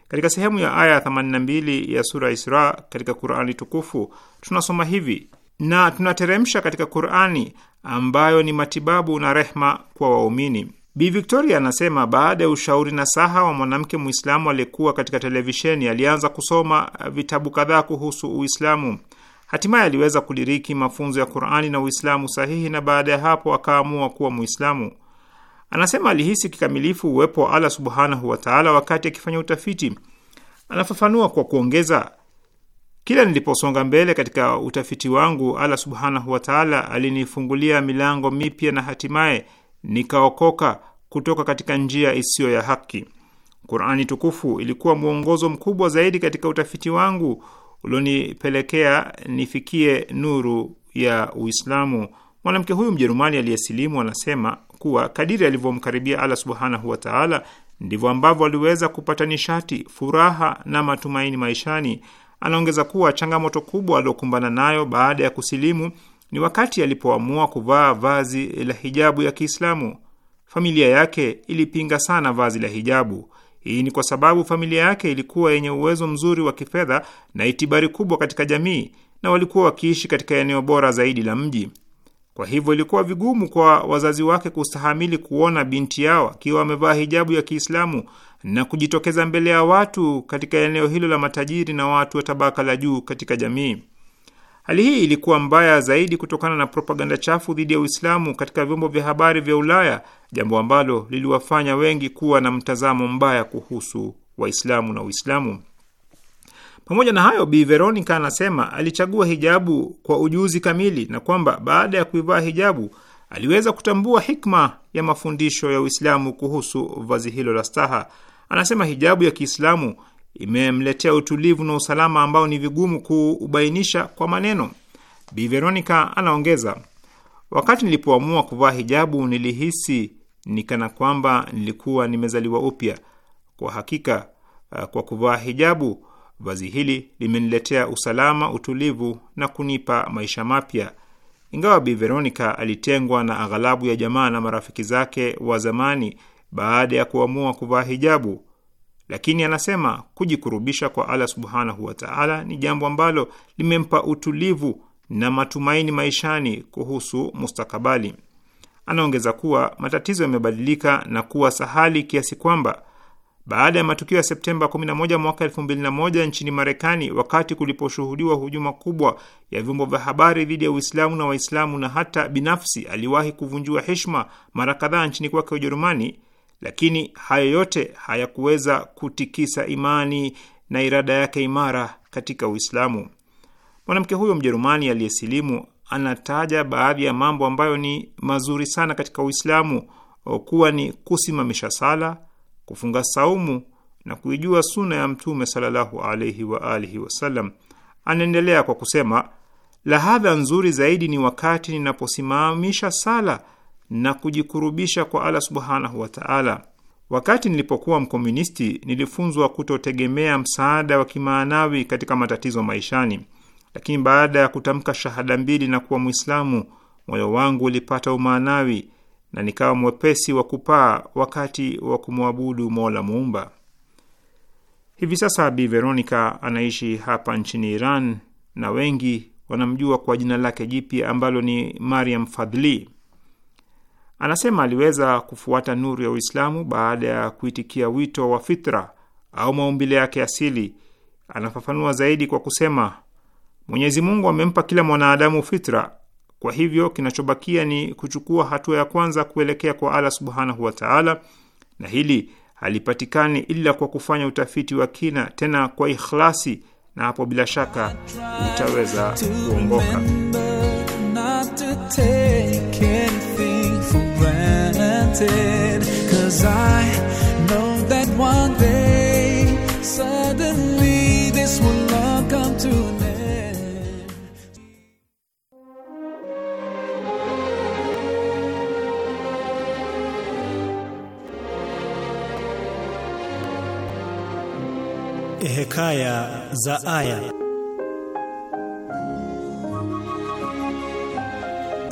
Katika sehemu ya aya 82 ya sura Isra katika Qurani tukufu tunasoma hivi: na tunateremsha katika Qurani ambayo ni matibabu na rehma kwa waumini. Bi Victoria anasema baada ya ushauri na saha wa mwanamke Mwislamu aliyekuwa katika televisheni, alianza kusoma uh, vitabu kadhaa kuhusu Uislamu. Hatimaye aliweza kudiriki mafunzo ya Qurani na Uislamu sahihi, na baada ya hapo akaamua kuwa muislamu Anasema alihisi kikamilifu uwepo wa Allah subhanahu wataala wakati akifanya utafiti. Anafafanua kwa kuongeza, kila niliposonga mbele katika utafiti wangu, Allah subhanahu wataala alinifungulia milango mipya na hatimaye nikaokoka kutoka katika njia isiyo ya haki. Qurani tukufu ilikuwa mwongozo mkubwa zaidi katika utafiti wangu ulionipelekea nifikie nuru ya Uislamu. Mwanamke huyu Mjerumani aliyesilimu anasema kuwa kadiri alivyomkaribia Allah subhanahu wa taala ndivyo ambavyo aliweza kupata nishati, furaha na matumaini maishani. Anaongeza kuwa changamoto kubwa aliokumbana nayo baada ya kusilimu ni wakati alipoamua kuvaa vazi la hijabu ya Kiislamu familia yake ilipinga sana vazi la hijabu. Hii ni kwa sababu familia yake ilikuwa yenye uwezo mzuri wa kifedha na itibari kubwa katika jamii na walikuwa wakiishi katika eneo bora zaidi la mji. Kwa hivyo ilikuwa vigumu kwa wazazi wake kustahamili kuona binti yao akiwa amevaa hijabu ya Kiislamu na kujitokeza mbele ya watu katika eneo hilo la matajiri na watu wa tabaka la juu katika jamii. Hali hii ilikuwa mbaya zaidi kutokana na propaganda chafu dhidi ya Uislamu katika vyombo vya habari vya Ulaya, jambo ambalo liliwafanya wengi kuwa na mtazamo mbaya kuhusu Waislamu na Uislamu. Pamoja na hayo, Bi Veronica anasema alichagua hijabu kwa ujuzi kamili na kwamba baada ya kuivaa hijabu aliweza kutambua hikma ya mafundisho ya Uislamu kuhusu vazi hilo la staha. Anasema hijabu ya Kiislamu imemletea utulivu na usalama ambao ni vigumu kuubainisha kwa maneno. Bi Veronica anaongeza, wakati nilipoamua kuvaa hijabu nilihisi ni kana kwamba nilikuwa nimezaliwa upya. Kwa hakika, eh, kwa kuvaa hijabu, vazi hili limeniletea usalama, utulivu na kunipa maisha mapya. Ingawa Bi Veronica alitengwa na aghalabu ya jamaa na marafiki zake wa zamani baada ya kuamua kuvaa hijabu, lakini anasema kujikurubisha kwa Allah subhanahu wataala ni jambo ambalo limempa utulivu na matumaini maishani kuhusu mustakabali. Anaongeza kuwa matatizo yamebadilika na kuwa sahali kiasi kwamba baada ya matukio ya Septemba 11 mwaka 2001 nchini Marekani, wakati kuliposhuhudiwa hujuma kubwa ya vyombo vya habari dhidi ya Uislamu na Waislamu na hata binafsi, aliwahi kuvunjiwa heshima mara kadhaa nchini kwake Ujerumani lakini hayo yote hayakuweza kutikisa imani na irada yake imara katika Uislamu. Mwanamke huyo Mjerumani aliyesilimu anataja baadhi ya mambo ambayo ni mazuri sana katika Uislamu kuwa ni kusimamisha sala, kufunga saumu na kuijua suna ya Mtume sallallahu alaihi wa alihi wasallam. Anaendelea kwa kusema, lahadha nzuri zaidi ni wakati ninaposimamisha sala na kujikurubisha kwa Allah subhanahu taala. Wakati nilipokuwa mkomunisti, nilifunzwa kutotegemea msaada wa kimaanawi katika matatizo maishani, lakini baada ya kutamka shahada mbili na kuwa Mwislamu, moyo wangu ulipata umaanawi na nikawa mwepesi wa kupaa wakati wa kumwabudu Mola Muumba. Hivi sasa Bi Veronica anaishi hapa nchini Iran na wengi wanamjua kwa jina lake jipya ambalo ni Mariam Fadhli. Anasema aliweza kufuata nuru ya Uislamu baada ya kuitikia wito wa fitra au maumbile yake asili. Anafafanua zaidi kwa kusema, Mwenyezi Mungu amempa kila mwanadamu fitra, kwa hivyo kinachobakia ni kuchukua hatua ya kwanza kuelekea kwa Allah subhanahu wa taala, na hili halipatikani ila kwa kufanya utafiti wa kina, tena kwa ikhlasi, na hapo bila shaka utaweza kuongoka. planted. Cause I know that one day, suddenly, this will all come to an end. Hekaya za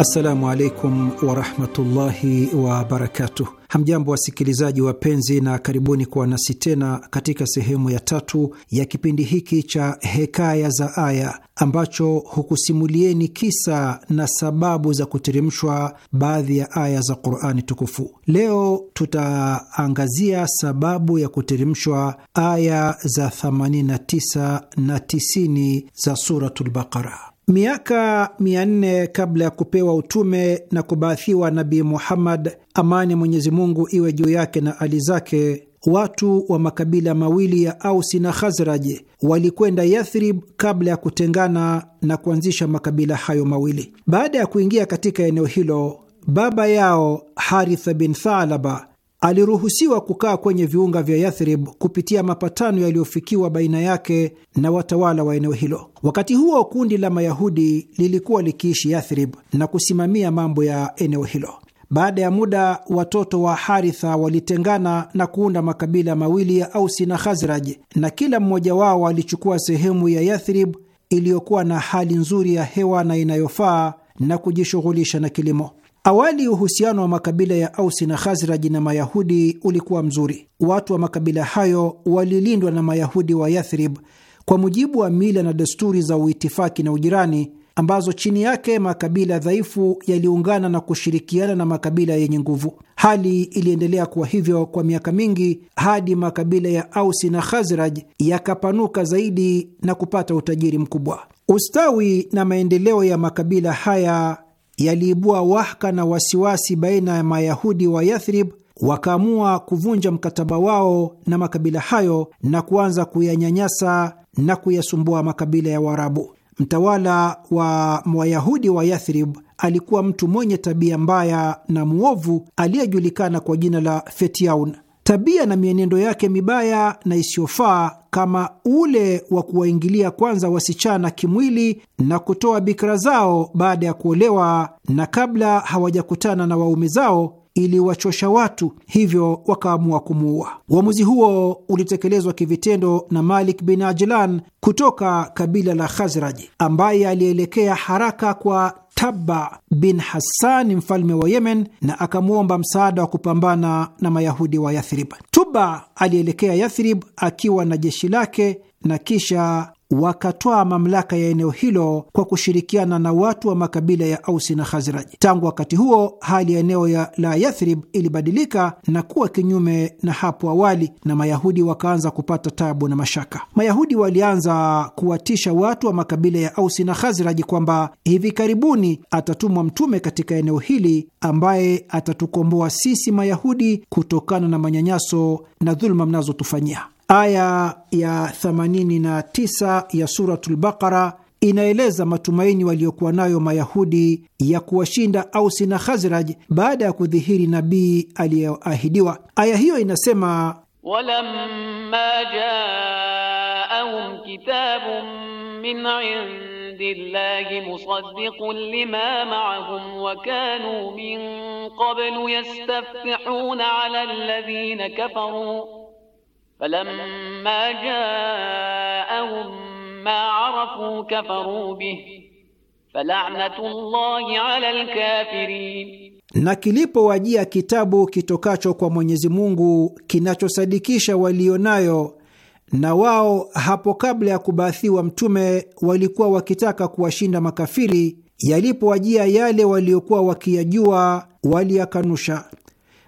Assalamu alaikum warahmatullahi wabarakatuh. Hamjambo wasikilizaji wapenzi, na karibuni kuwa nasi tena katika sehemu ya tatu ya kipindi hiki cha Hekaya za Aya ambacho hukusimulieni kisa na sababu za kuteremshwa baadhi ya aya za Qurani Tukufu. Leo tutaangazia sababu ya kuteremshwa aya za 89 na 90 za Suratul Baqara. Miaka mia nne kabla ya kupewa utume na kubaathiwa Nabii Muhammad, amani mwenyezimungu Mwenyezi Mungu iwe juu yake na ali zake, watu wa makabila mawili ya Ausi na Khazraj walikwenda Yathrib kabla ya kutengana na kuanzisha makabila hayo mawili. Baada ya kuingia katika eneo hilo, baba yao Haritha bin Thalaba aliruhusiwa kukaa kwenye viunga vya Yathrib kupitia mapatano yaliyofikiwa baina yake na watawala wa eneo hilo. Wakati huo kundi la Mayahudi lilikuwa likiishi Yathrib na kusimamia mambo ya eneo hilo. Baada ya muda, watoto wa Haritha walitengana na kuunda makabila mawili ya Ausi na Khazraj, na kila mmoja wao alichukua sehemu ya Yathrib iliyokuwa na hali nzuri ya hewa na inayofaa na kujishughulisha na kilimo. Awali uhusiano wa makabila ya Ausi na Khazraji na Mayahudi ulikuwa mzuri. Watu wa makabila hayo walilindwa na Mayahudi wa Yathrib kwa mujibu wa mila na desturi za uitifaki na ujirani, ambazo chini yake makabila dhaifu yaliungana na kushirikiana na makabila yenye nguvu. Hali iliendelea kuwa hivyo kwa miaka mingi hadi makabila ya Ausi na Khazraj yakapanuka zaidi na kupata utajiri mkubwa. Ustawi na maendeleo ya makabila haya yaliibua wahka na wasiwasi baina ya Mayahudi wa Yathrib, wakaamua kuvunja mkataba wao na makabila hayo na kuanza kuyanyanyasa na kuyasumbua makabila ya Waarabu. Mtawala wa Wayahudi wa Yathrib alikuwa mtu mwenye tabia mbaya na mwovu aliyejulikana kwa jina la Fetiaun. Tabia na mienendo yake mibaya na isiyofaa kama ule wa kuwaingilia kwanza wasichana kimwili na kutoa bikira zao baada ya kuolewa na kabla hawajakutana na waume zao iliwachosha watu, hivyo wakaamua kumuua. Uamuzi huo ulitekelezwa kivitendo na Malik bin Ajlan kutoka kabila la Khazraji, ambaye alielekea haraka kwa Taba bin Hassani mfalme wa Yemen na akamwomba msaada wa kupambana na Mayahudi wa Yathrib. Tuba alielekea Yathrib akiwa na jeshi lake na kisha wakatoa mamlaka ya eneo hilo kwa kushirikiana na watu wa makabila ya Ausi na Khazraji. Tangu wakati huo, hali ya eneo ya la Yathrib ilibadilika na kuwa kinyume na hapo awali, na Mayahudi wakaanza kupata tabu na mashaka. Mayahudi walianza kuwatisha watu wa makabila ya Ausi na Khazraji kwamba hivi karibuni atatumwa mtume katika eneo hili ambaye atatukomboa sisi Mayahudi kutokana na manyanyaso na dhuluma mnazotufanyia. Aya ya 89 ya Suratul Baqara inaeleza matumaini waliokuwa nayo Mayahudi ya kuwashinda Ausi na Khazraj baada ya kudhihiri nabii aliyeahidiwa. Aya hiyo inasema walamma jaahum kitabun min musaddiqun lima maahum min qablu ala alladhina Falamma jaahum ma arafu kafaru bih fala'natullahi 'ala alkafirin, na kilipowajia kitabu kitokacho kwa Mwenyezi Mungu kinachosadikisha walionayo na wao hapo kabla ya kubaathiwa mtume walikuwa wakitaka kuwashinda makafiri. Yalipowajia yale waliokuwa wakiyajua waliyakanusha.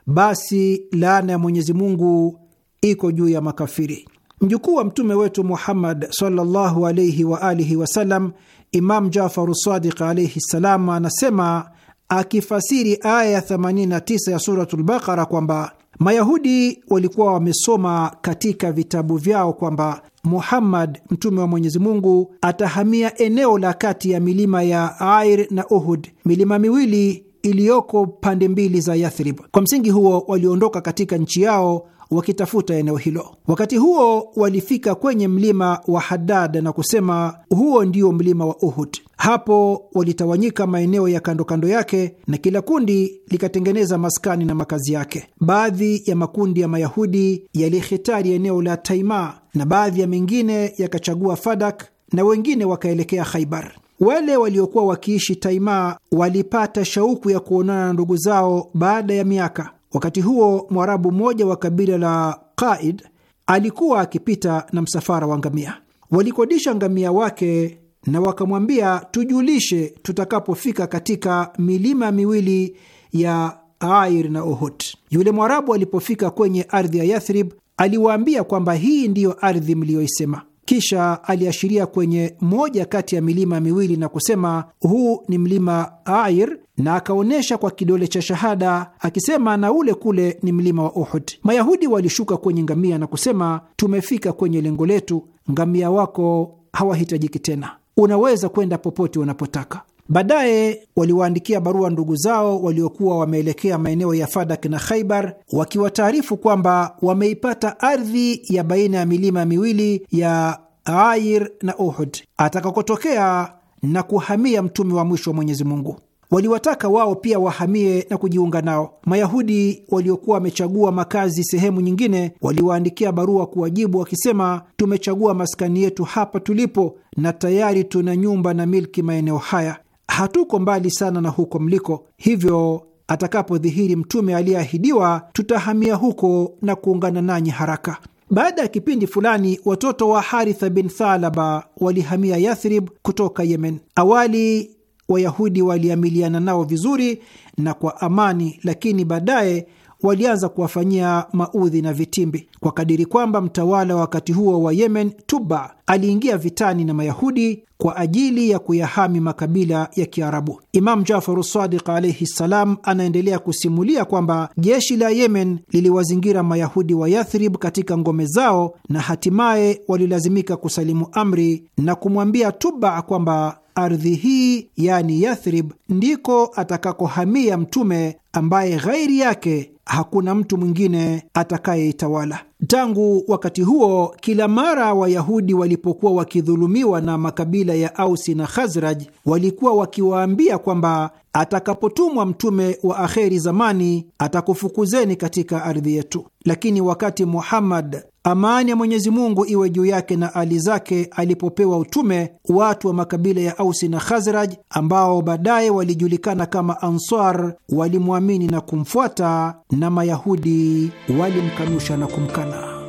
Basi laana ya Mwenyezi Mungu iko juu ya makafiri. Mjukuu wa mtume wetu Muhammad sallallahu alaihi wa alihi wasallam, Imam Jafaru Sadiq alaihi ssalam, anasema akifasiri aya ya 89 ya Suratul Bakara kwamba Mayahudi walikuwa wamesoma katika vitabu vyao kwamba Muhammad mtume wa Mwenyezi Mungu atahamia eneo la kati ya milima ya Air na Uhud, milima miwili iliyoko pande mbili za Yathrib. Kwa msingi huo waliondoka katika nchi yao wakitafuta eneo hilo. Wakati huo walifika kwenye mlima wa Hadad na kusema huo ndio mlima wa Uhud. Hapo walitawanyika maeneo ya kando kando yake, na kila kundi likatengeneza maskani na makazi yake. Baadhi ya makundi ya Mayahudi yalihitari eneo la Taima na baadhi ya mengine yakachagua Fadak na wengine wakaelekea Khaibar. Wale waliokuwa wakiishi taima walipata shauku ya kuonana na ndugu zao baada ya miaka, Wakati huo Mwarabu mmoja wa kabila la Qaid alikuwa akipita na msafara wa ngamia. Walikodisha ngamia wake na wakamwambia, tujulishe tutakapofika katika milima miwili ya Air na Uhud. Yule Mwarabu alipofika kwenye ardhi ya Yathrib aliwaambia kwamba hii ndiyo ardhi mliyoisema. Kisha aliashiria kwenye moja kati ya milima miwili na kusema, huu ni mlima Air na akaonyesha kwa kidole cha shahada akisema, na ule kule ni mlima wa Uhud. Mayahudi walishuka kwenye ngamia na kusema, tumefika kwenye lengo letu, ngamia wako hawahitajiki tena, unaweza kwenda popote unapotaka. Baadaye waliwaandikia barua ndugu zao waliokuwa wameelekea maeneo ya Fadak na Khaibar, wakiwataarifu kwamba wameipata ardhi ya baina ya milima miwili ya Air na Uhud atakakotokea na kuhamia mtume wa mwisho wa Mwenyezi Mungu. Waliwataka wao pia wahamie na kujiunga nao. Mayahudi waliokuwa wamechagua makazi sehemu nyingine waliwaandikia barua kuwajibu wakisema, tumechagua maskani yetu hapa tulipo na tayari tuna nyumba na milki maeneo haya, hatuko mbali sana na huko mliko, hivyo atakapodhihiri mtume aliyeahidiwa tutahamia huko na kuungana nanyi haraka. Baada ya kipindi fulani, watoto wa Haritha bin Thalaba walihamia Yathrib kutoka Yemen. Awali Wayahudi waliamiliana nao vizuri na kwa amani, lakini baadaye walianza kuwafanyia maudhi na vitimbi kwa kadiri kwamba mtawala wa wakati huo wa Yemen, Tuba, aliingia vitani na Mayahudi kwa ajili ya kuyahami makabila ya Kiarabu. Imamu Jafaru Sadiq alaihi ssalam anaendelea kusimulia kwamba jeshi la Yemen liliwazingira Mayahudi wa Yathrib katika ngome zao na hatimaye walilazimika kusalimu amri na kumwambia Tuba kwamba ardhi hii, yani Yathrib, ndiko atakakohamia Mtume ambaye ghairi yake hakuna mtu mwingine atakayeitawala. Tangu wakati huo, kila mara Wayahudi walipokuwa wakidhulumiwa na makabila ya Ausi na Khazraj, walikuwa wakiwaambia kwamba Atakapotumwa mtume wa akheri zamani, atakufukuzeni katika ardhi yetu. Lakini wakati Muhammad, amani ya Mwenyezi Mungu iwe juu yake na ali zake, alipopewa utume, watu wa makabila ya Ausi na Khazraj ambao baadaye walijulikana kama Ansar walimwamini na kumfuata, na Mayahudi walimkanusha na kumkana.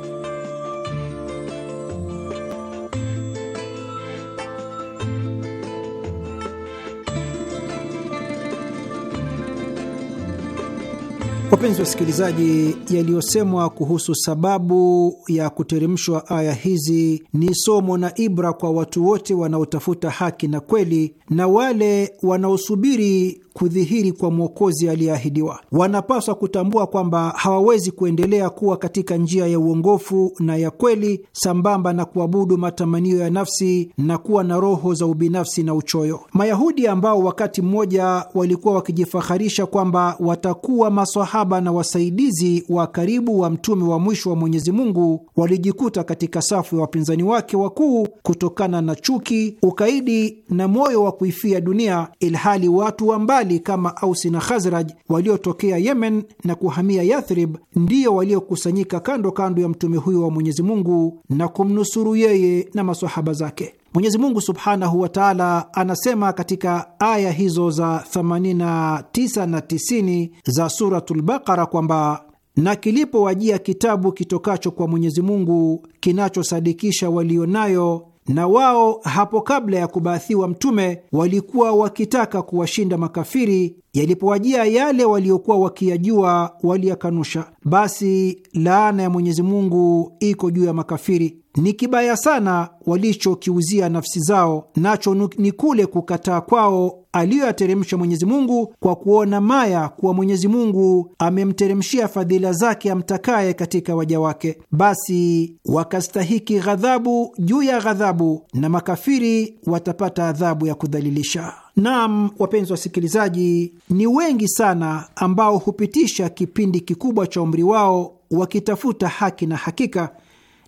Wapenzi wasikilizaji, yaliyosemwa kuhusu sababu ya kuteremshwa aya hizi ni somo na ibra kwa watu wote wanaotafuta haki na kweli na wale wanaosubiri kudhihiri kwa mwokozi aliyeahidiwa. Wanapaswa kutambua kwamba hawawezi kuendelea kuwa katika njia ya uongofu na ya kweli sambamba na kuabudu matamanio ya nafsi na kuwa na roho za ubinafsi na uchoyo. Mayahudi ambao wakati mmoja walikuwa wakijifaharisha kwamba watakuwa masahaba na wasaidizi wa karibu wa mtume wa mwisho wa Mwenyezi Mungu walijikuta katika safu ya wapinzani wake wakuu kutokana na chuki, ukaidi na moyo wa kuifia dunia, ilhali watu ambao mbalimbali kama Ausi na Khazraj waliotokea Yemen na kuhamia Yathrib ndiyo waliokusanyika kando kando ya mtume huyo wa Mwenyezi Mungu na kumnusuru yeye na masahaba zake. Mwenyezi Mungu subhanahu wa taala anasema katika aya hizo za 89 na 90 za Suratul Baqara kwamba na kilipowajia kitabu kitokacho kwa Mwenyezi Mungu kinachosadikisha walionayo na wao hapo kabla ya kubaathiwa mtume walikuwa wakitaka kuwashinda makafiri. Yalipowajia yale waliokuwa wakiyajua, waliyakanusha. Basi laana ya Mwenyezi Mungu iko juu ya makafiri. Ni kibaya sana walichokiuzia nafsi zao, nacho ni kule kukataa kwao aliyoyateremsha Mwenyezi Mungu kwa kuona maya kuwa Mwenyezi Mungu amemteremshia fadhila zake amtakaye katika waja wake. Basi wakastahiki ghadhabu juu ya ghadhabu, na makafiri watapata adhabu ya kudhalilisha. Naam, wapenzi wasikilizaji, ni wengi sana ambao hupitisha kipindi kikubwa cha umri wao wakitafuta haki na hakika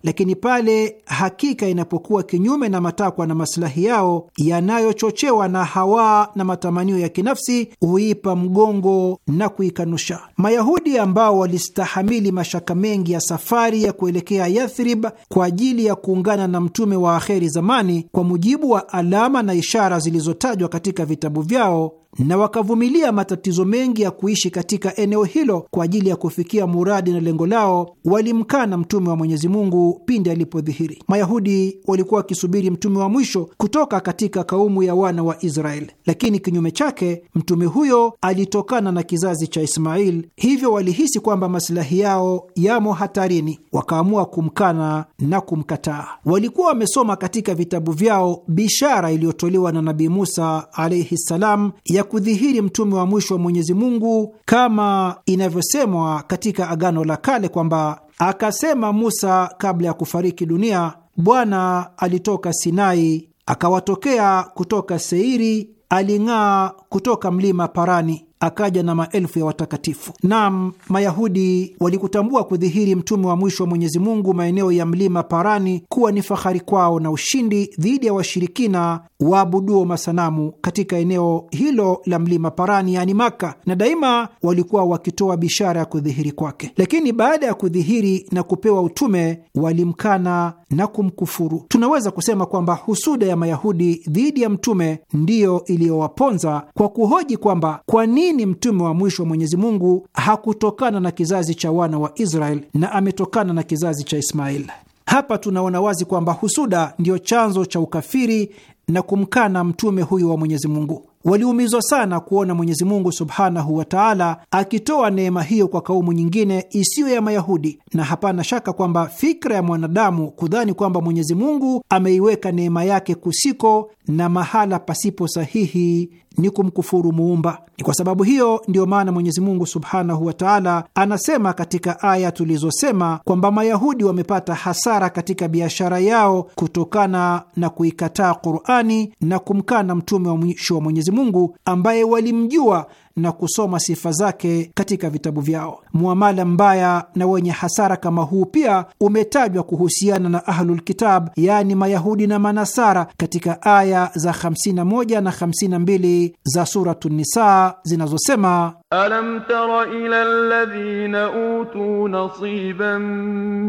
lakini pale hakika inapokuwa kinyume na matakwa na masilahi yao yanayochochewa na hawa na matamanio ya kinafsi, huipa mgongo na kuikanusha. Mayahudi ambao walistahamili mashaka mengi ya safari ya kuelekea Yathrib kwa ajili ya kuungana na mtume wa akheri zamani, kwa mujibu wa alama na ishara zilizotajwa katika vitabu vyao na wakavumilia matatizo mengi ya kuishi katika eneo hilo kwa ajili ya kufikia muradi na lengo lao, walimkana mtume wa Mwenyezi Mungu pindi alipodhihiri. Mayahudi walikuwa wakisubiri mtume wa mwisho kutoka katika kaumu ya wana wa Israeli, lakini kinyume chake mtume huyo alitokana na kizazi cha Ismail, hivyo walihisi kwamba masilahi yao yamo hatarini, wakaamua kumkana na kumkataa. Walikuwa wamesoma katika vitabu vyao bishara iliyotolewa na Nabii Musa alaihi salam ya kudhihiri mtume wa mwisho wa Mwenyezi Mungu, kama inavyosemwa katika Agano la Kale kwamba akasema Musa kabla ya kufariki dunia, Bwana alitoka Sinai, akawatokea kutoka Seiri, aling'aa kutoka mlima Parani akaja na maelfu ya watakatifu. Naam, Mayahudi walikutambua kudhihiri mtume wa mwisho wa Mwenyezi Mungu maeneo ya mlima Parani kuwa ni fahari kwao na ushindi dhidi ya washirikina waabuduo masanamu katika eneo hilo la mlima Parani, yaani Maka, na daima walikuwa wakitoa bishara ya kudhihiri kwake. Lakini baada ya kudhihiri na kupewa utume, walimkana na kumkufuru. Tunaweza kusema kwamba husuda ya Mayahudi dhidi ya mtume ndiyo iliyowaponza kwa kuhoji kwamba kwa nini ni mtume wa mwisho wa Mwenyezi Mungu, hakutokana na kizazi cha wana wa Israel na ametokana na kizazi cha Ismail. Hapa tunaona wazi kwamba husuda ndiyo chanzo cha ukafiri na kumkana mtume huyo wa Mwenyezi Mungu. Waliumizwa sana kuona Mwenyezi Mungu subhanahu wa taala akitoa neema hiyo kwa kaumu nyingine isiyo ya Mayahudi, na hapana shaka kwamba fikra ya mwanadamu kudhani kwamba Mwenyezi Mungu ameiweka neema yake kusiko na mahala pasipo sahihi ni kumkufuru Muumba. Ni kwa sababu hiyo ndiyo maana Mwenyezi Mungu subhanahu wa taala anasema katika aya tulizosema kwamba Mayahudi wamepata hasara katika biashara yao kutokana na kuikataa Qurani na kumkana mtume wa mwisho wa Mwenyezi Mungu ambaye walimjua na kusoma sifa zake katika vitabu vyao. Muamala mbaya na wenye hasara kama huu pia umetajwa kuhusiana na Ahlulkitab, yaani Mayahudi na Manasara, katika aya za 51 na 52 za Suratu Nisa zinazosema Alam tara ila alladhina utu nasiban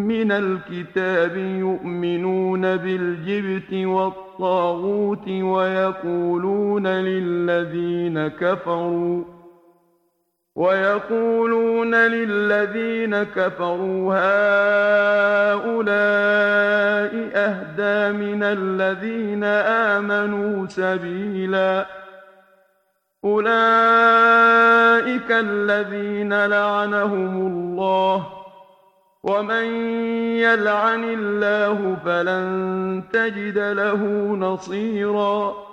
min alkitabi yuminuna biljibti wattaghuti wayakuluna lilladhina kafaruu ويقولون للذين كفروا هؤلاء أهدى من الذين آمنوا سبيلا أولئك الذين لعنهم الله ومن يلعن الله فلن تجد له نصيراً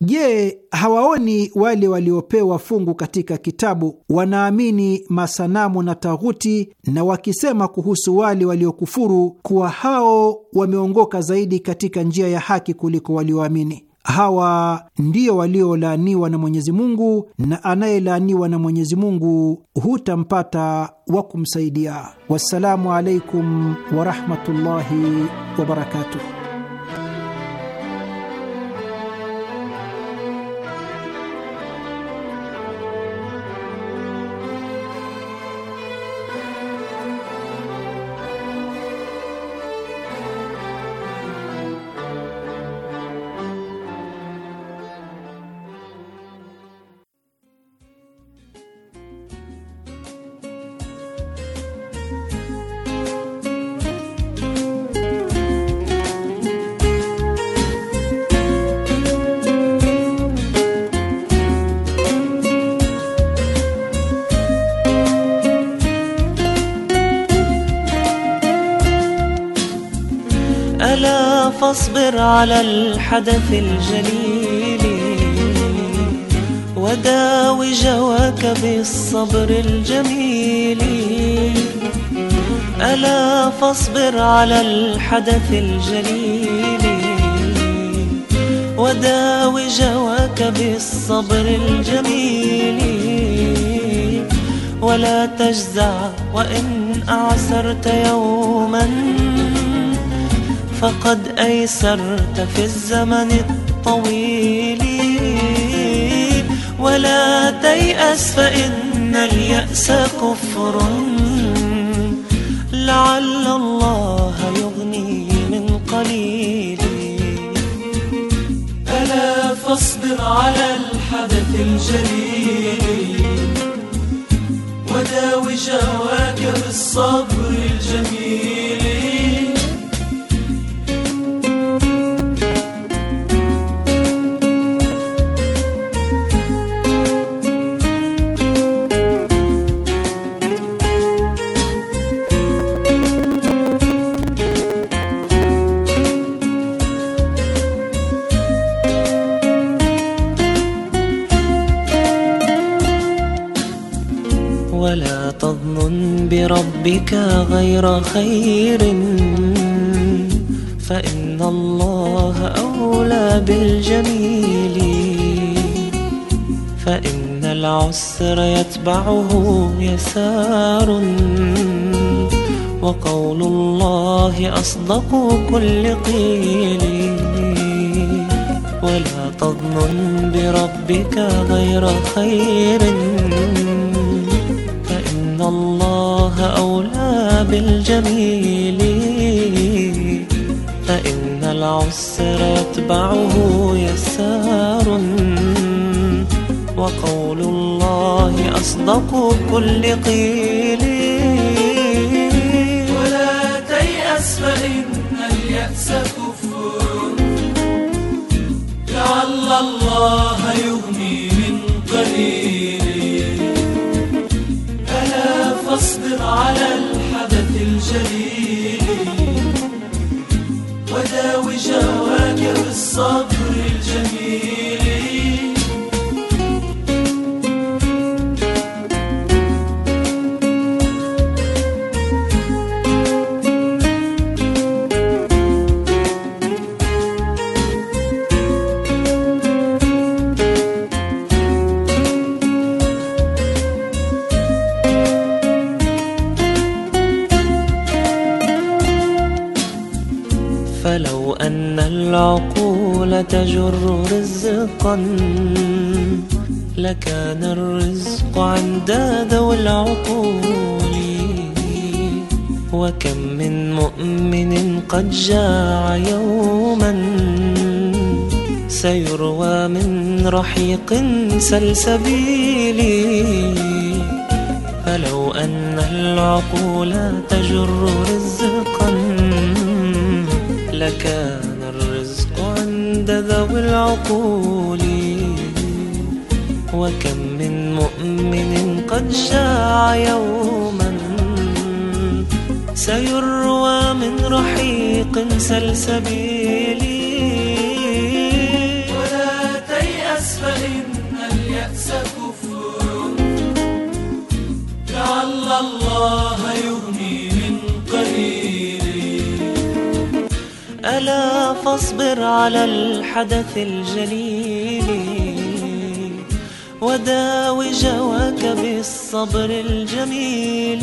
Je, hawaoni wale waliopewa fungu katika kitabu? Wanaamini masanamu na taghuti, na wakisema kuhusu wale waliokufuru kuwa hao wameongoka zaidi katika njia ya haki kuliko walioamini. Hawa ndio waliolaaniwa na Mwenyezi Mungu, na anayelaaniwa na Mwenyezi Mungu hutampata wa kumsaidia. Wassalamu alaikum warahmatullahi wabarakatuh. فاصبر على الحدث الجليل وداوي جواك بالصبر الجميل ألا فاصبر على الحدث الجليل وداوي جواك بالصبر الجميل ولا تجزع وإن أعسرت يوماً فقد أيسرت في الزمن الطويل ولا تيأس فإن اليأس كفر لعل الله يغني من قليل ألا فاصبر على الحدث الجليل وداوي جواك بالصبر غير خير فإن الله أولى بالجميل فإن العسر يتبعه يسار وقول الله أصدق كل قيل ولا تظنن بربك غير خير الله أولى بالجميل فإن العسر يتبعه يسار وقول الله أصدق كل قيل ولا تيأس فإن اليأس كفر لعل الله يغني على الحدث الجليل وداوي جواكر الصبر لكان الرزق عند ذوي العقول وكم من مؤمن قد جاع يوما سيروى من رحيق سلسبيل فلو أن العقول تجر رزقا لكان عند ذوي العقول وكم من مؤمن قد شاع يوما سيروى من رحيق سلسبيل فاصبر على الحدث الجليل وداوي جواك بالصبر الجميل